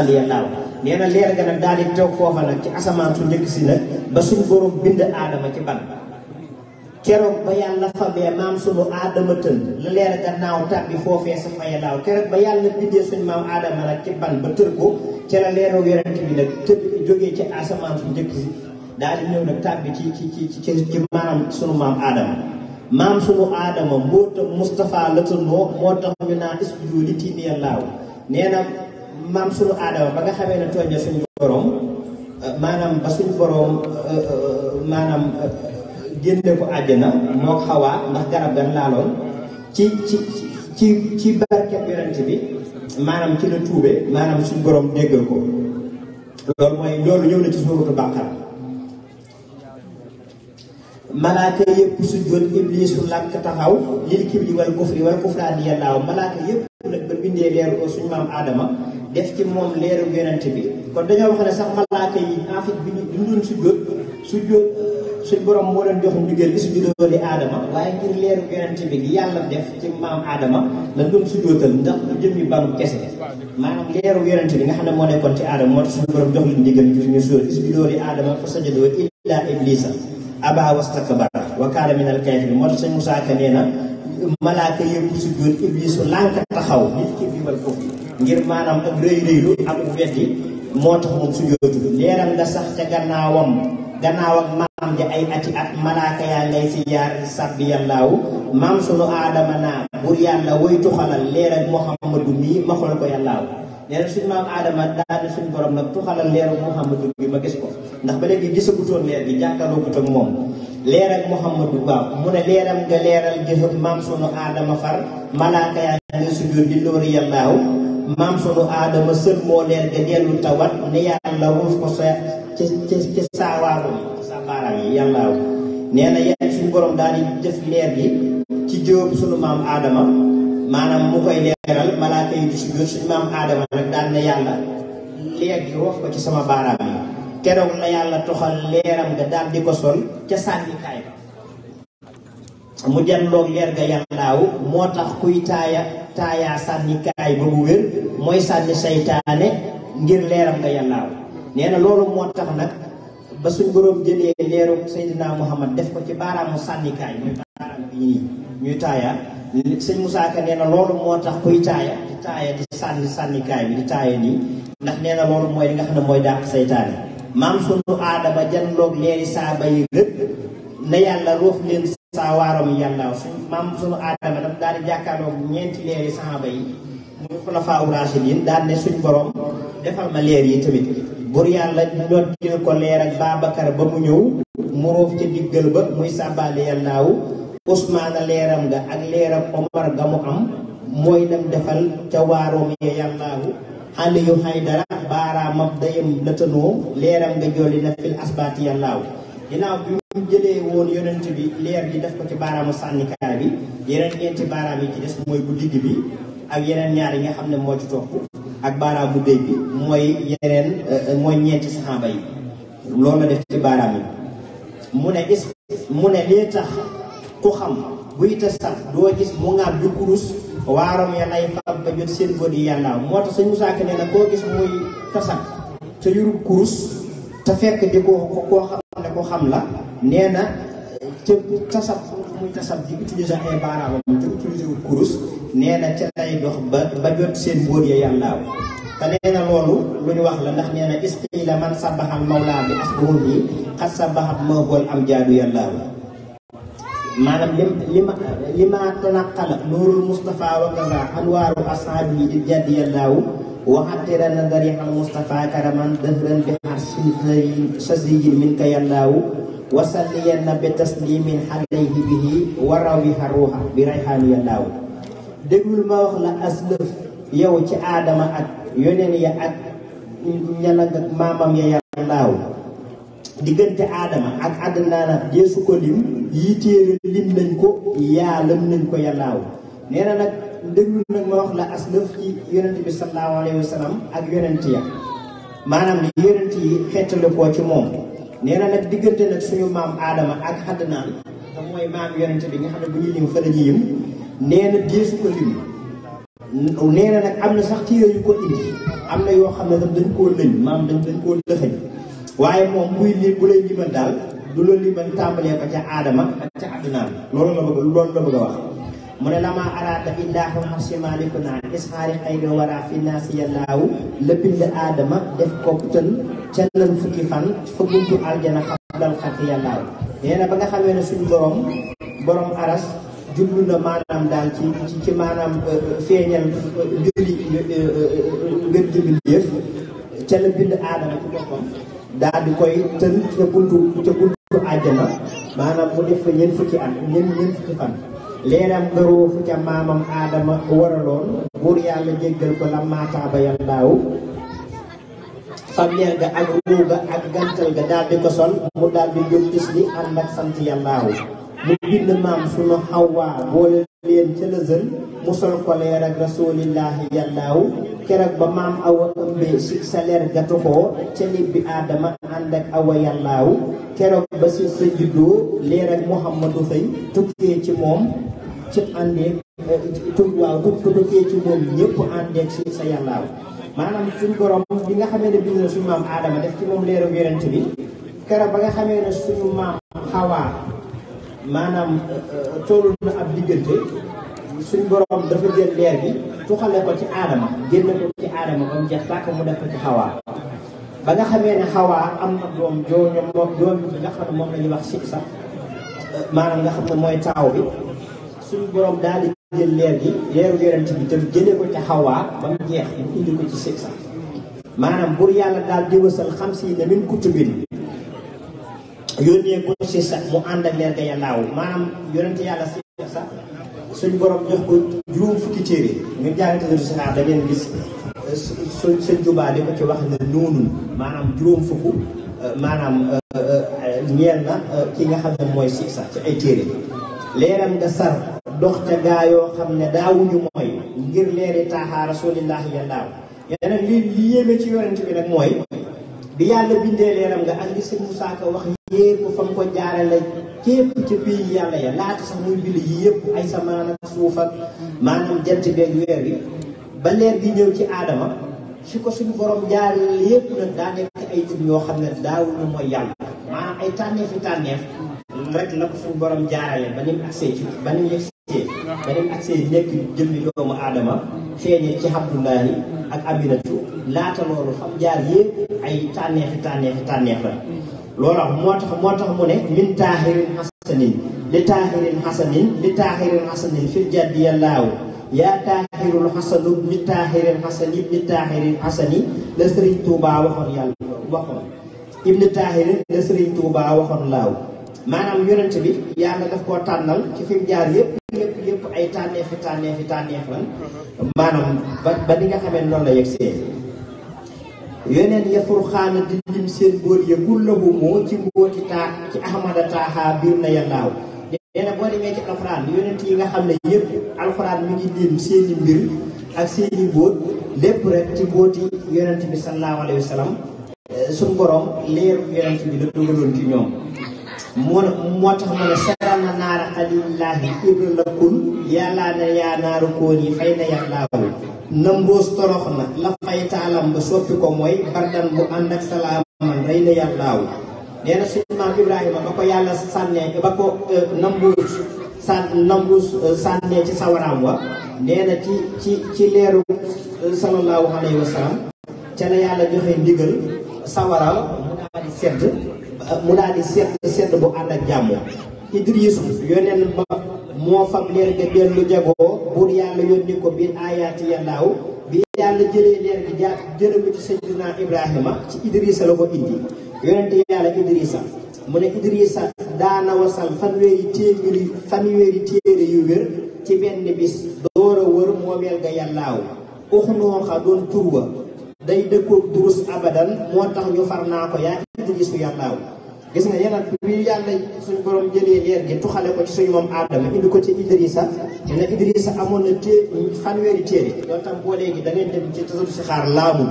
aliya naaw nee na leer ga nag daal di toog foofa nag ci asamaan su njëkk si nag ba suñ borom bind aadama ci ban keroog ba yàlla fabee maam sunu aadama tël la leer ga naaw tàbbi foofee sa faya keroog ba yàlla bindee suñ maam aadama nag ci ban ba tër ko ca la leeru werante bi nag tëb jógee ci asamaan su njëkk si daal di ñëw nag tàbbi ci ci ci maam sunu aadama maam sunu aadama mbóota Moustapha la tënnoo moo tax ñu naan studio li tiinee laaw nee na maam suñu aadama ba nga xamee ne tooñ na suñu borom euh, maanaam ba suñu borom euh, euh, maanaam génne ko àjjana moo xawaa ndax garab gan laaloon ci ci ci ci barkeb yonent bi maanaam ci la tuube maanaam suñu borom déggal ko loolu mooy loolu ñëw na ci suuratu Baqara malaaka yëpp su jot iblisu lànk taxaw lil kibri wal kufri wal kufraani yàllaaw malaaka yëpp nag bindee leeru suñu maam aadama def ci moom leeru yonent bi kon dañoo wax ne sax malaaka yi en fait bi ñu dundoon sujjóot sujjóot suñ borom moo leen jox ndigal li sujjóotoo di aadama waaye ngir leeru yonent bi gi yàlla def ci maam aadama lañ doon sujjóotal ndax du jëmmi banu kese maanaam leeru yonent bi nga xam ne moo nekkoon ci aadama moo tax suñu borom jox leen ndigal ngir ñu sujjóot li sujjóotoo di aadama fa sajadoo illaa iblisa aba wastakbara wa kaana minal kaafiriin moo tax sëñ Musaa Ka nee na malaaka yëpp su jóot ibliisu lànk taxaw nit ki biimal ko ngir maanaam ak rëy rëylu ak weddi moo tax moom su jóotu leeram nga sax ca gannaawam gannaaw maam ja ay ati at malaaka yaa ngay fi jaar sàbbi yàllaawu maam sunu aadama naa bur yàlla woy tuxalal leer ak muhammadu mii ma xool ko yàllaawu leer suñu maam aadama daal suñu borom nag tuxalal leer ak muhammadu bi ma gis ko ndax ba léegi gisagutoon leer bi jàkkaarloo ak moom leer ak Muhammadu gaaw mu ne leeram nga leeral jëfëb maam sunu aadama far malaaka yaa nga sujjóot di lóoru suñu bi ci jóob sunu maam aadama maanaam mu koy leeral malaaka yi di suñu maam aadama nag daan na yàlla leer gi roof ko ci sama baaraam yi kérok la yalla toxal leeram ga dal di sol ci sandi kay ba mu janloog leer ga yalla wu motax kuy taya sandi kay ba bu wér moy sandi shaytané ngir leeram ga yalla wu na lolu motax nak ba suñu borom jëlé leeru sayyidina Muhammad def ko ci sandi kay muy baaraam bi ñuy ñuy taya sëñ Moussa Ka néna na motax moo tax kuy taaya di taaya di sànni bi di taya ni ndax néna na moy li nga xam moy mooy shaytané maam sunu aadama janloog leeri saaba yi gën na yàlla roof leen saa waaram suñ maam sunu aadama daf daal di ñeenti leeri saaba yi muy xulafaa raashidin daal ne suñ borom defal ma leer yi tamit bur yàlla dottil ko leer ak Babacar ba mu ñëw mu roof ca diggal ba muy sàbbaale yàllaawu Ousmane leeram nga ak leeram Omar ga mu am mooy dem defal ca waaroom ya yàllaahu xànd yu xaydara baaraamam dayam lëtanoo leeram nga jolli na fil asbaati yàllaahu ginnaaw bi mu jëlee woon yonent bi leer gi def ko ci baaraamu sànnikaay bi yeneen ñeenti baaraam yi ci des mooy bu digg bi ak yeneen ñaar yi nga xam ne moo ci topp ak baaraam bu dégg bi mooy yeneen euh, mooy ñeenti saxaaba yi loolu la def ci baaraam mu ne is mu ne lii tax ku xam buy tasal doo gis mu ŋaab du kurus waaram ya nay fab ba jot seen bët yi yàllaaw moo tax sëñ Musaa Ka nee na koo gis muy tasak te yurub kurus te fekk di ko koo xam la nee na ca tasab ay baaraamam dox ba ba jot seen bët ya yàllaaw te nee loolu lu wax la ndax nee na isqiila man sabaxal mawlaa bi asbuhum yi xat sabaxat mawbol am jaadu yàllaaw maanaam lim lima lima tanaqala nuurul Moustapha wa kaza anwaaru asaabi id jaddiyallaahu waxattira nadari al Moustapha karaman dëhran bi xarsin sasiyin min ka yallaahu wasalliyanna bi taslimin xalayhi bihi wa rawiha ruuxa bi rayxaanu yallaahu déglul ma wax la aslëf yow ci aadama ak yoneen ya ak ñalag ak maamam ya yallaahu diggante aadama ak àddinaana jeesu ko lim yii téere lim nañ ko yaa lëm nañ ko yàllaaw nee na nag déglu nag ma wax la aslëf ci yonent bi sallallahu alayhi wa sallam ak yonent ya maanaam yonent yi xettale koo ci moom nee na nag diggante nag suñu maam aadama ak àddinaan te mooy maam bi nga xam ne bu ñu lim fa la ñu yim nee na jeesu ko lim nee nag am na sax téere yu ko indi am na yoo xam ne dam dañ koo lëñ maam dañ dañ koo lëxëñ waaye moom buy lii bu lay limal daal du la limal tàmbalee ko ca aadama ak ca addunaam loolu la bëgg loolu la bëgg a wax mu ne lama araada illaahu xasimaaliku naan isxaari xayga wara fi naasi yallaahu la bind aadama def ko tën ca lan fukki fan fa buntu aljana xablal xalqi yallaahu nee na ba nga xamee ne suñu borom borom aras jublu na maanaam daal ci ci maanaam euh, euh, feeñal euh, julli ngën jëmil yëf ca la bind aadama ci boppam daal di koy tënk ca buntu ca buntu àjjana maanaam mu def fa fukki at ñeent ñeent fukki fan leeram nga roofu maamam aadama waraloon buur yàlla ko la maataaba yan daaw famille ak gantal ga daal di mu daal di jóg gis li ànd mu bind maam sunu xawwaa boole leen ca mu sol ko leer ak rasuulillaahi keroog ba maam awa ëmbee si sa leer gatu ko ca nit bi aadama ànd ak awa yàllaaw keroog ba si sa juddoo leer ak muhammadu fay tukkee ci moom ci àndeek eh, tuk waaw tuk tukkee ci moom ñëpp àndeek si sa yàllaaw maanaam suñu borom bi nga xamee ne bind na suñu maam aadama def ci moom leeru yonent bi keroog ba nga xamee ne suñu maam xawaa maanaam eh, eh, tollu na ab diggante suñ borom dafa jël leer bi tuxale ko ci aadama génn ko ci aadama ba mu jeex tàkk mu def ko ci xawaa ba nga xamee ne xawaa am na doom jooñu moom doom bi nga xam ne moom la wax sib sax maanaam nga xam ne mooy taaw bi suñ borom daal di jël leer gi leeru yonent bi tam jëlee ko ci xawaa ba jeex mu indi ko ci sib sax maanaam bur yàlla daal di wësal xam si ne min kutubin yónnee ko si sax mu ànd ak leer ga yàllaaw maanaam yonent yàlla si sax suñ borom jox ko juróom fukki téere ngeen jàngate da ngeen gis euh, su sëñ Tuubaa di ci wax ne noonu maanaam juróom euh, maanaam euh, ñeel ki nga xam ne mooy si sax nga sar dox ca gaa ne daawuñu mooy ngir leeri taaxaa rasulillahi yàllaaw yeneen li li yéeme bi nag mooy bi wax yépp fa mu ko jaarale képp ca pays yàlla ya laata sax muy julli yi yëpp ay samaan ak suuf ak maanaam jant beeg weer bi ba leer gi ñëw ci aadama su ko suñu borom jaar yëpp nag daa nekk xam ne daawul na ay tànneefi tànneef rek la borom jaarale ba nim accès ci ba nim yegsee ba nim aadama feeñe ci Abdullahi ak Aminatu laata loolu xam jaar yëpp ay tànneefi tànneefi tànneef la loolu tax moo tax mu ne min taahirin xasanin li taahirin xasanin li taahirin xasanin fil jaddi yàllaaw yaa taahirul xasanu mi taahirin xasani mi taahirin xasani la sëriñ Tuubaa waxoon yàlla waxoon ibni taahirin la sëriñ Tuubaa waxoon laaw maanaam yonent bi yàlla daf koo tànnal ci fi jaar yëpp yëpp yëpp ay tànneefi tànneefi tànneef lan mhm. maanaam ba ba di nga xamee noonu la yegsee yeneen ya furxaana di lim seen góor ya kullahu moo ci mbooti taa ci ahmada taaha biir na yallaaw nee na demee ci alxuraan yonent yi nga xam ne yëpp alxuraan mi ngi lim seeni mbir ak seeni mbóot lépp rek ci mbooti yonent bi sallallahu alayhi wa sallam eh, suñ borom leeru yonent bi la dugaloon ci ñoom moo moo tax mu ne seral na naara xalilullahi ibra lakun yàllaa ne yaa naaru kóor yi fay na yàllaawu namboos torox na la fay taalam ba soppi ko mooy bardan bu ànd ak salaaman rey na yàllaawu nee na suñu maam ibrahima ba ko yàlla sànnee ba ko euh, namboos euh, sànnee ci sawaraam wa nee ci ci ci leeru euh, sallallahu alayhi wa ca la yàlla joxe ndigal sawaral mu daal di sedd mu daal di sedd sedd bu ànd ak jàmm Idrisu yoneen ba moo fam leer ga dellu jagoo buur yàlla yónni ko biir ayaati yàllaaw bi yàlla jëlee leer gi jaar jële ko ci sayyidina Ibrahima ci Idrisa la ko indi yonente yàlla Idrisa mu ne Idrisa daana wasal fanweeri téeméeri yu wér ci benn bis door a wër moomeel ga yàllaaw uxnooxa doon turwa day dëkkoog durus abadan moo tax ñu far naa ko yaa Idrisu yàllaaw gis nga yeneen bi yàlla suñ borom jëlee leer gi tuxale ko ci suñu moom aadama indi ko ci Idrissa dina Idrissa amoon na té fanweeri téere loolu tam boo léegi da ngay dem ci tasatu si xaar laamum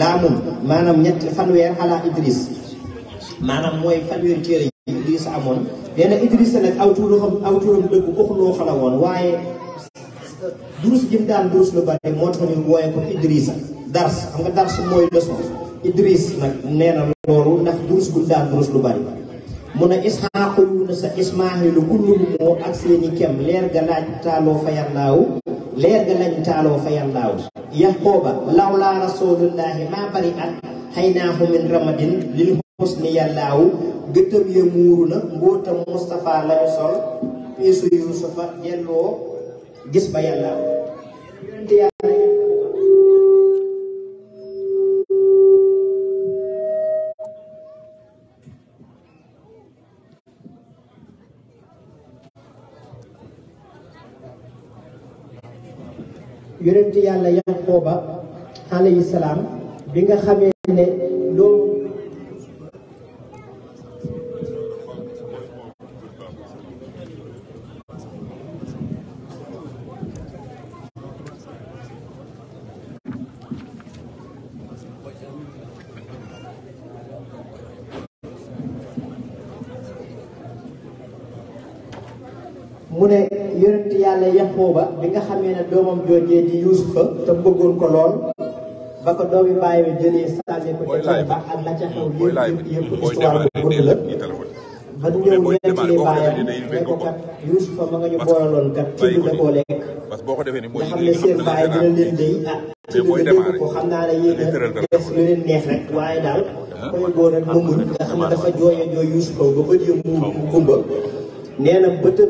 laamum maanaam ñett fanweer ala Idriss maanaam mooy fanweeri téere yi Idrissa amoon nee na Idrissa nag aw tuuram aw tuuram dëgg uxloo xala woon waaye durus jëm daan durus lu bari moo tax ñu wooye ko Idrissa dars xam nga dars mooy leçon Idris nag nee loolu ndax durus gu durus lu bari mu ne Isxaaqu Yunusa Ismaahilu kullum moo ak seeni kem leer ga laaj taaloo fa yàllaaw leer ga lañ taaloo fa yàllaaw Yaqooba lawlaa rasuulullaahi maa bari at xaynaahu min ramadin lil xusni yàllaaw gëtëm ya muuru na mbootam Moustapha lañu sol peesu Yuusufa delloo gis ba yàllaaw yonent yàlla yanqooba alayhi salaam bi nga xamee ne mu ne yonent yàlla yaxuuba bi nga xamee ne doomam joojee di yuusufa te bëggoon ko lool ba ko doomi bàyyi bi jëlee sànni ko ca tool ba ak la ca xew yëpp yëpp histoire bu gudd la ba ñëw nettali bàyyam ne ko kat yuusufa ma nga ñu boolaloon kat tudd da koo lekk nga xam ne seen bàyyi dina leen dey ah tudd bi dégg ko xam naa ne a des lu leen neex rek waaye daal ah. nga xam ne dafa jooy a jooy yuusufa ba bët ya muur kumba nee na bëtëm